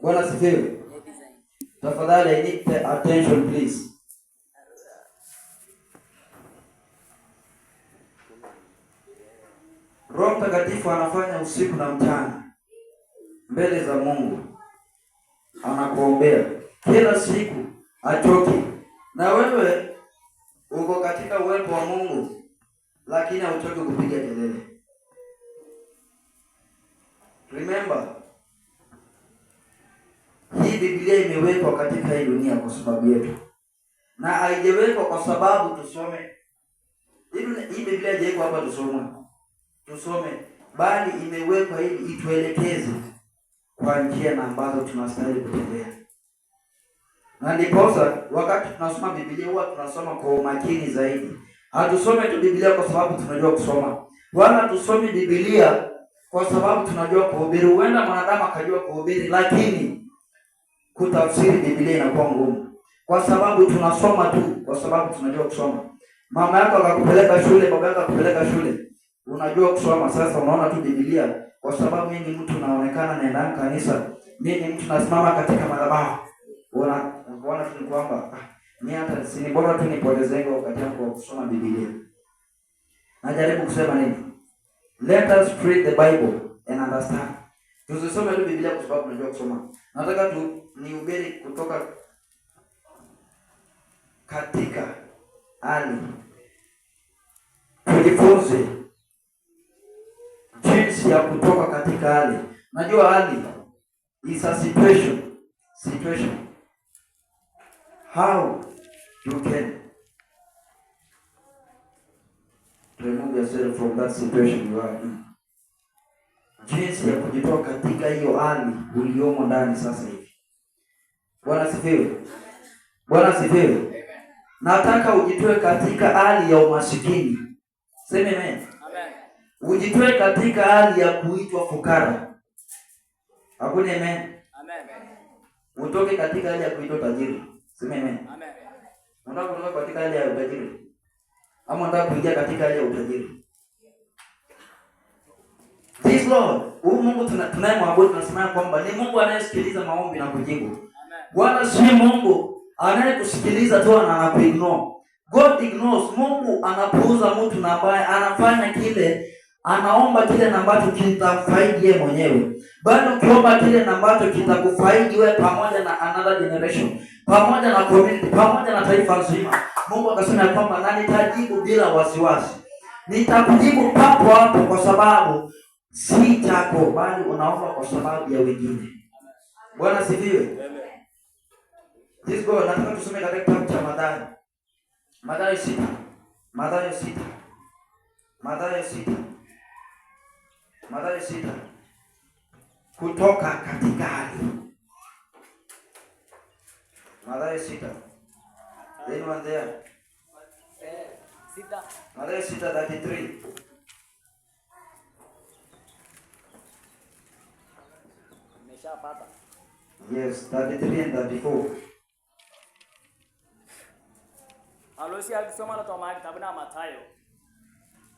Bwana sifiwe. Tafadhali nipe attention please. Roho Mtakatifu anafanya usiku na mchana mbele za Mungu, anakuombea kila siku achoki. Na wewe uko katika uwepo wa Mungu, lakini hauchoki kupiga kelele. Remember Biblia imewekwa katika hii dunia kwa sababu yetu, na haijawekwa kwa sababu tusome. Hii Biblia haijawekwa hapa tusome tusome, bali imewekwa ili ituelekeze kwa njia na ambazo tunastahili kutembea. Na ndiposa wakati tunasoma Biblia huwa tunasoma kwa umakini zaidi. Hatusome tu Biblia kwa sababu tunajua kusoma, wala tusome Biblia kwa sababu tunajua kuhubiri. Huenda mwanadamu akajua kuhubiri, lakini kutafsiri Biblia inakuwa ngumu, kwa sababu tunasoma tu, kwa sababu tunajua kusoma. Mama yako akakupeleka shule, baba yako akakupeleka shule, unajua kusoma. Sasa unaona tu Biblia, kwa sababu mimi ni mtu naonekana naenda kanisa, mimi ni mtu nasimama katika madhabahu, una unaona tu kwamba ah, mimi hata sini bora tu nipotezenge wakati wangu wa kusoma Biblia. Najaribu kusema nini? Let us read the Bible and understand Tusisome tu Biblia kwa sababu tunajua kusoma. Nataka tu niubiri kutoka katika ani tujifunze jinsi ya kutoka katika hali. Najua hali is a situation, situation how you can remove yourself from that situation you are in jinsi ya kujitoa katika hiyo hali uliomo ndani sasa hivi. Bwana sifiwe. Bwana sifiwe. Nataka ujitoe katika hali ya umasikini. Sema amen. Ujitoe katika hali ya kuitwa fukara. Hakuna amen. Amen. Utoke katika hali ya kuitwa tajiri. Sema amen. Amen. Unataka kutoka katika hali ya utajiri. Ama unataka kuingia katika hali ya utajiri. Lord, huyu Mungu tunayemwabudu tunasema kwamba ni Mungu anayesikiliza maombi na kujibu. Bwana si Mungu anayekusikiliza tu na anakuignore. God ignores. Mungu anapuuza mtu na ambaye anafanya kile anaomba kile na ambacho kitamfaidi yeye mwenyewe, bali ukiomba kile na ambacho kitakufaidi wewe pamoja na another generation, pamoja na community, pamoja na taifa nzima. Mungu akasema kwamba na nitajibu bila wasiwasi, nitakujibu papo hapo, kwa sababu si chako, bali unaomba kwa sababu ya wengine. Bwana asifiwe. Nataka tusome katika kitabu cha Mathayo, Mathayo sita, Mathayo sita, Mathayo sita, Mathayo sita, kutoka katika hali Mathayo sita. then one there? Eh, Mathayo sita 33 Ushapata. Yes, 33 and 34. Alosi alisoma na toa kitabu na Mathayo.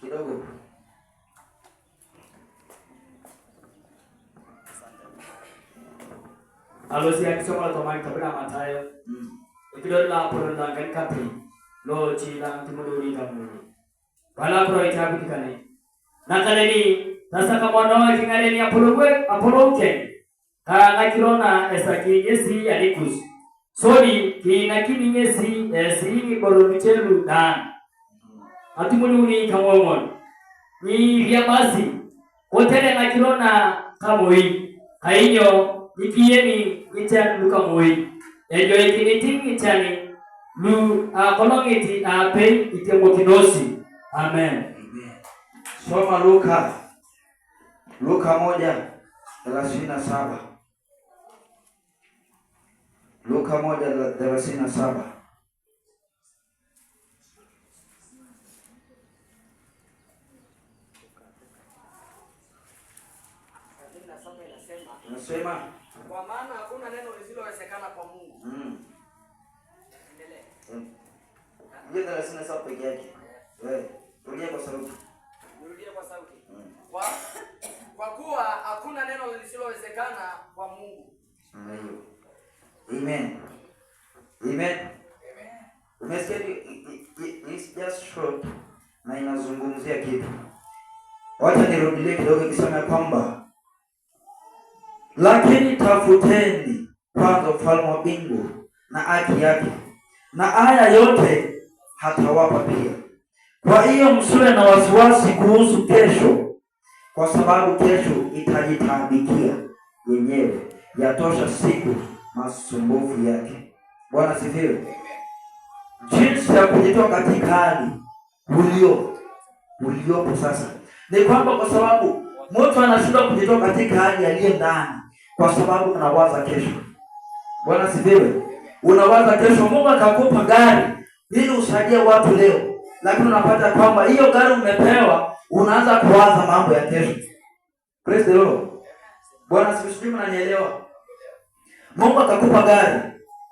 Kidogo. Alosi alisoma na kapi lo na Mathayo. Mm. Ukidola poro na kankapi. Lo chila mtumuluri kamuri. Bala poro itabu kikane. tinggal tasaka mwanao gue apologwe apoloke. kakakirona esaki eh, kinyesi yalikus sori kiinakini ngesi esiini eh, boronichelu dan atumuluni ni niiria basi kotere nakirona kamoi kainyo nikiyeni ngichan lu kamoi ah, ejo ikiniting ngichani lu akolong'iti ape ah, itemotinosi amen soma luka luka moja thelathini na saba Luka moja thelathini na saba. Nasema kwa maana hakuna neno lisilowezekana kwa Mungu. Mm. mm. Hiyo thelathini na saba peke yake. Eh, rudia kwa sauti. Rudia kwa sauti. Mm. Kwa kuwa hakuna neno lisilowezekana kwa Mungu. Mm. Amen. Amen. Umesikia this just short na inazungumzia kitu. Wacha nirudilie kidogo ikisema kwamba lakini tafuteni kwanza ufalme wa mbingu na haki yake, na haya yote hatawapa pia. Kwa hiyo msiwe na wasiwasi kuhusu kesho, kwa sababu kesho itajitabikia yenyewe. Yatosha siku masumbufu yake. Bwana sifiwe. Jinsi ya kujitoa katika hali ulio uliopo sasa ni kwamba, kwa sababu mtu anashindwa kujitoa katika hali aliye ndani, kwa sababu unawaza kesho. Bwana sifiwe. Unawaza kesho. Mungu akakupa gari ili usaidie watu leo, lakini unapata kwamba hiyo gari umepewa, unaanza kuwaza mambo ya kesho. Praise the Lord. Bwana sifiwe, mnanielewa? Mungu atakupa gari,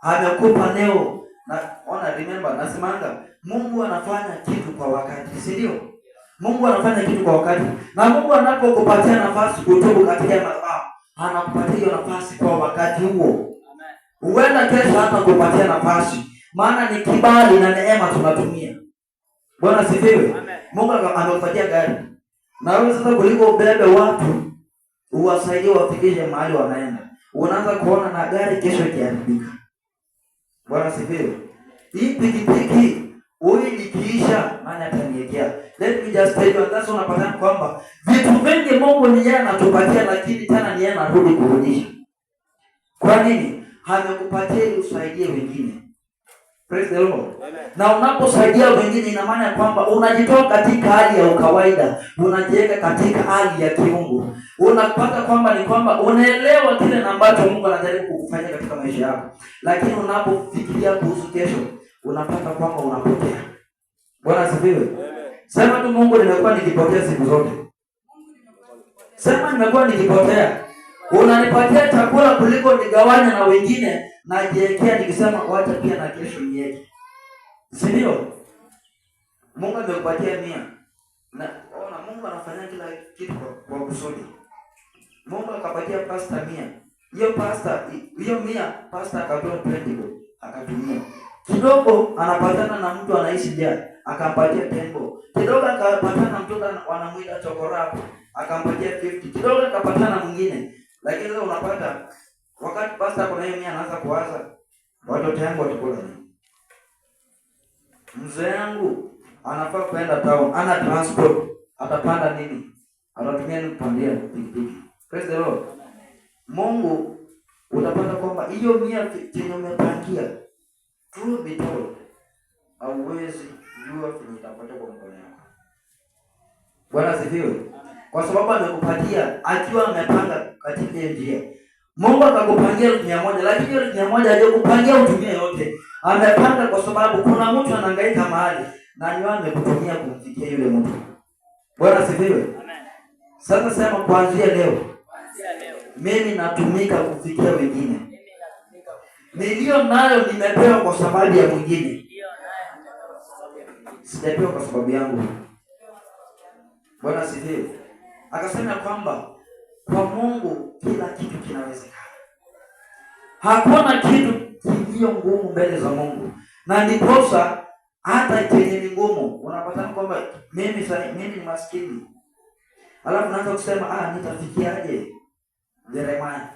amekupa leo na ona, remember nasemanga Mungu anafanya kitu kwa wakati, si ndio? Mungu anafanya kitu kwa wakati, na Mungu anapokupatia nafasi kutubu katika madhabahu, anakupatia hiyo nafasi kwa wakati huo. Huenda kesho hata kupatia nafasi, maana ni kibali na neema tunatumia. Bwana sifiwe. Mungu amekupatia gari, na wewe sasa kuliko ubebe watu, uwasaidie wafikishe mahali wanaenda unaanza kuona na gari kesho ikiharibika. Bwana sifiwe. Hii pikipiki huyu nikiisha maana ataniekea. Let me just tell you that's unapata kwamba vitu vingi Mungu ni yeye anatupatia, lakini tena ni yeye anarudi kurudisha. Kwa nini? Amekupatia ili usaidie wengine. Praise the Lord. Na unaposaidia wengine ina maana ya kwamba unajitoa katika hali ya ukawaida, unajiweka katika hali ya kiungu. Unapata kwamba ni kwamba unaelewa kile ambacho Mungu anajaribu kukufanya katika maisha yako, lakini unapofikiria kuhusu kesho unapata kwamba unapotea. Bwana asifiwe. Sema tu Mungu, nimekuwa nikipotea siku zote. Sema nimekuwa nikipotea, unanipatia chakula kuliko nigawanya na wengine najiwekea nikisema wacha pia na kesho niweke, si ndio? Mungu amekupatia mia na ona, Mungu anafanya kila kitu kwa kwa kusudi. Mungu akapatia pasta mia, hiyo pasta hiyo mia, pasta akapewa twenty, akatumia kidogo, anapatana na mtu anaishi ja, akampatia tembo kidogo, akapatana na mtu wanamuita chokorapo, akampatia 50 kidogo, akapatana mwingine, lakini sasa unapata Wakati pasta kuna hiyo mimi anaanza kuwaza watoto wangu watakula nini? Mzee yangu anafaa kwenda town, ana transport, atapanda nini? Atatumia nini kupandia pikipiki? Praise the Lord. Mungu utapata kwamba hiyo mia tena umepangia true be told, hauwezi jua vile utapata kwa mkono wako. Bwana sifiwe. Kwa sababu amekupatia akiwa amepanga katika njia Mungu akakupangia elfu mia moja lakini elfu mia moja hajakupangia utumie yote. Amepanga kwa sababu kuna mtu anahangaika mahali na ndio amekutumia kumfikia yule mtu. Bwana sifiwe. Amen. Sasa sema kuanzia leo. Kuanzia leo. Mimi natumika kufikia wengine. Niliyo nayo nimepewa kwa sababu ya mwingine. Sijapewa kwa sababu yangu. Bwana sifiwe. Akasema kwamba kwa Mungu kila kitu kinawezekana. Hakuna kitu kilio ngumu mbele za Mungu, na ndiposa hata chenye ni ngumu unapata kwamba mimi sasa mimi ni maskini, alafu naanza kusema ah, nitafikiaje Jeremiah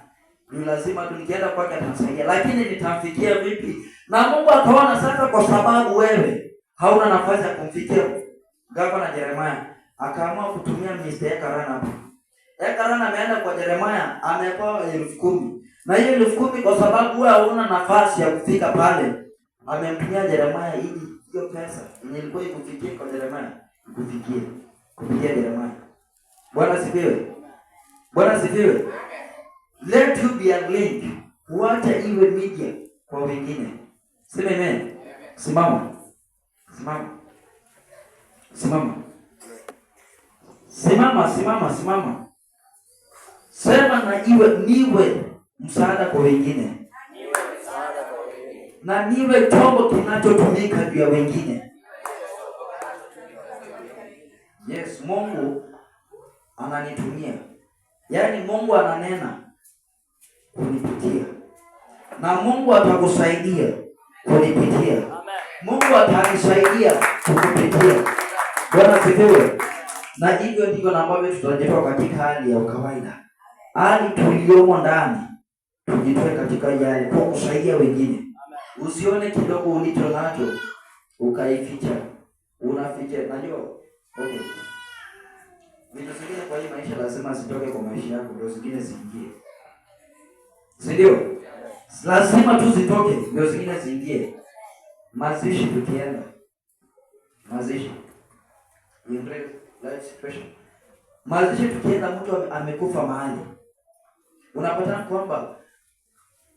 ni lazima tu nikienda kwake atamsaidia, lakini nitamfikia vipi? Na Mungu akaona sasa, kwa sababu wewe hauna nafasi ya kumfikia gavana Jeremiah, akaamua kutumia mistake karana hapo Eh, Karani ameenda kwa Jeremaya amepewa elfu kumi na hiyo elfu kumi kwa sababu wewe hauna nafasi ya kufika pale, amemtumia Jeremaya ili hiyo pesa yenye ilikuwa ikufikie kwa Jeremaya ikufikie kupitia Jeremaya. Bwana sifiwe, Bwana sifiwe. Let you be a link, wacha iwe media kwa wengine. Sema amen. Simama, simama, simama, simama, simama, simama. Sema na iwe niwe msaada kwa wengine na niwe chombo kinachotumika juu ya wengine. Yes, Mungu ananitumia, yaani Mungu ananena kunipitia, na Mungu atakusaidia kunipitia, Mungu atanisaidia kukupitia. Bwana sifiwe. Na hivyo ndivyo ambavyo tutajitoa katika hali ya kawaida hali tuliyomo ndani tujitoe katika yale kwa kusaidia wengine. Usione kidogo ulicho nacho ukaificha, unaficha. Najua okay, vitu zingine kwa hii maisha lazima zitoke kwa maisha yako, ndio zingine ziingie, si ndio? Lazima tu zitoke, ndio zingine ziingie. Mazishi tukienda mazishi mazishi, tukienda mtu amekufa mahali unapata kwamba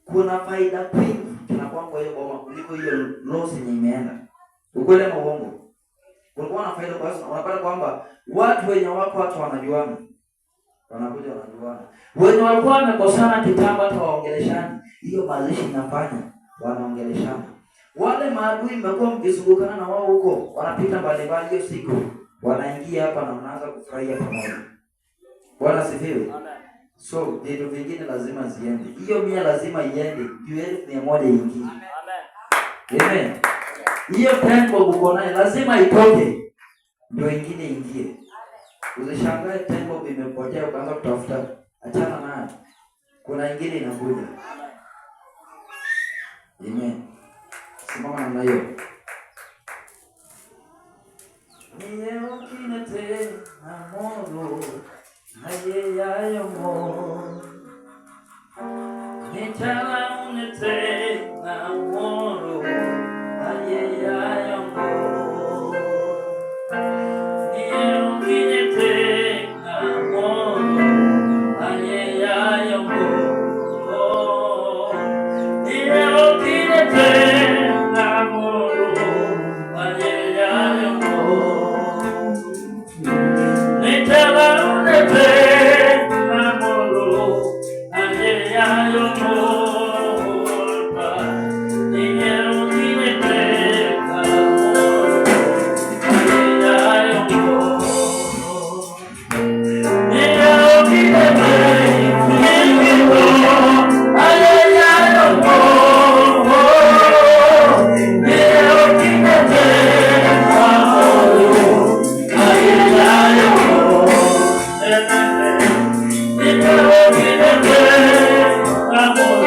kuna faida kwingi tunakuwa kwamba hiyo boma kuliko hiyo loss yenye imeenda. Ukweli ama uongo? Kulikuwa na faida kwa sababu unapata kwamba watu wenye wako watu wanajuana. Wanakuja wanajuana. Wenye walikuwa wamekosana kitambo hata waongeleshani. Hiyo mazishi inafanya wanaongeleshana. Wale maadui mmekuwa mkizungukana na wao huko, wanapita mbalimbali hiyo siku. Wanaingia hapa na mnaanza kufurahia pamoja. Bwana sifiwe. Amen. So vitu vingine lazima ziende, hiyo mia lazima iende juu elfu mia moja ingie. Amen, amen. hiyo tempo uko nayo lazima itoke ndio ingine ingie. Usishangae ten bob imepotea ukaanza kutafuta, achana nayo, kuna ingine inakuja. Amen, simama namna hiyo niyeokine na modo ayo tell y te olvidaré, amor.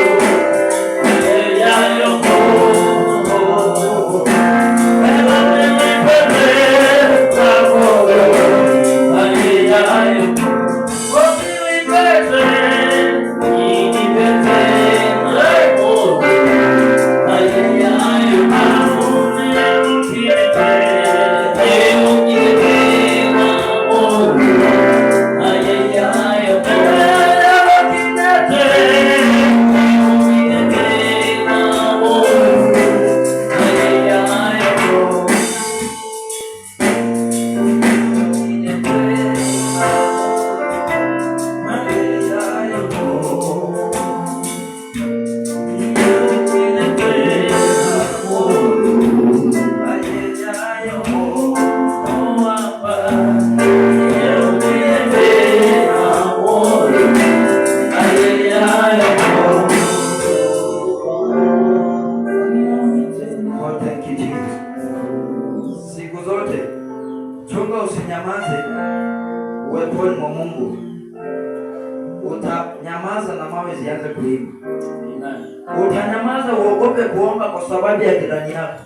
kwa sababu ya jirani yako,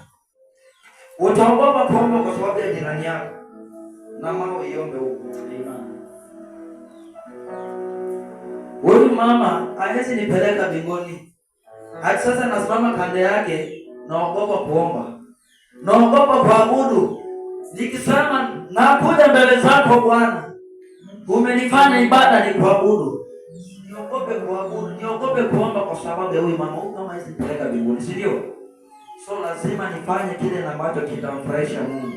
utaomba mapombo kwa sababu ya jirani yako. Na mama iombe huko huyu mama hawezi nipeleka mbinguni, hadi sasa nasimama kando yake, naogopa kuomba, naogopa kuabudu, nikisema nakuja mbele zako Bwana, umenifanya ibada ni kuabudu, niogope kuabudu, niogope kuomba kwa sababu ya huyu mama. Huyu mama hawezi nipeleka mbinguni, si ndio? So lazima nifanye kile ambacho kitamfurahisha Mungu,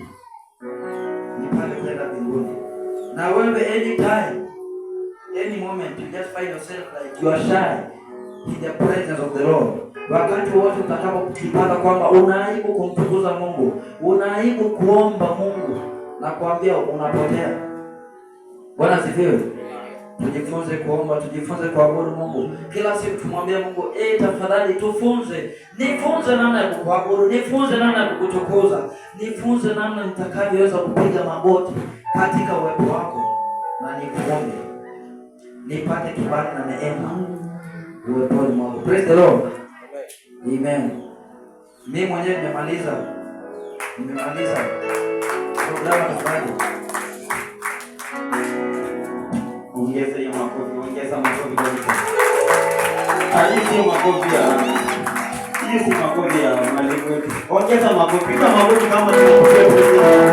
nipande kwenda mbinguni. Na wewe anytime, any moment, you just find yourself like you are shy in the presence of the Lord. Wakati wote utakapokipata kwamba unaaibu kumtukuza Mungu, unaaibu kuomba Mungu, nakwambia unapotea. Bwana sifiwe. Tujifunze kuomba, tujifunze kuabudu Mungu. Kila siku tumwambie Mungu, eh, tafadhali tufunze. Nifunze namna ya kukuabudu, nifunze namna ya kukutukuza. Nifunze namna nitakavyoweza kupiga magoti katika uwepo wako. Na nikuombe. Nipate kibali na neema. Uweponi mwako. Praise the Lord. Amen. Mimi mwenyewe nimemaliza. Nimemaliza. Programu so, Ongeza hiyo makofi, ongeza makofi kwa ah, mtu. Hii si makofi ya hii si makofi ya mwalimu wetu. Ongeza makofi, piga makofi kama tunapokea.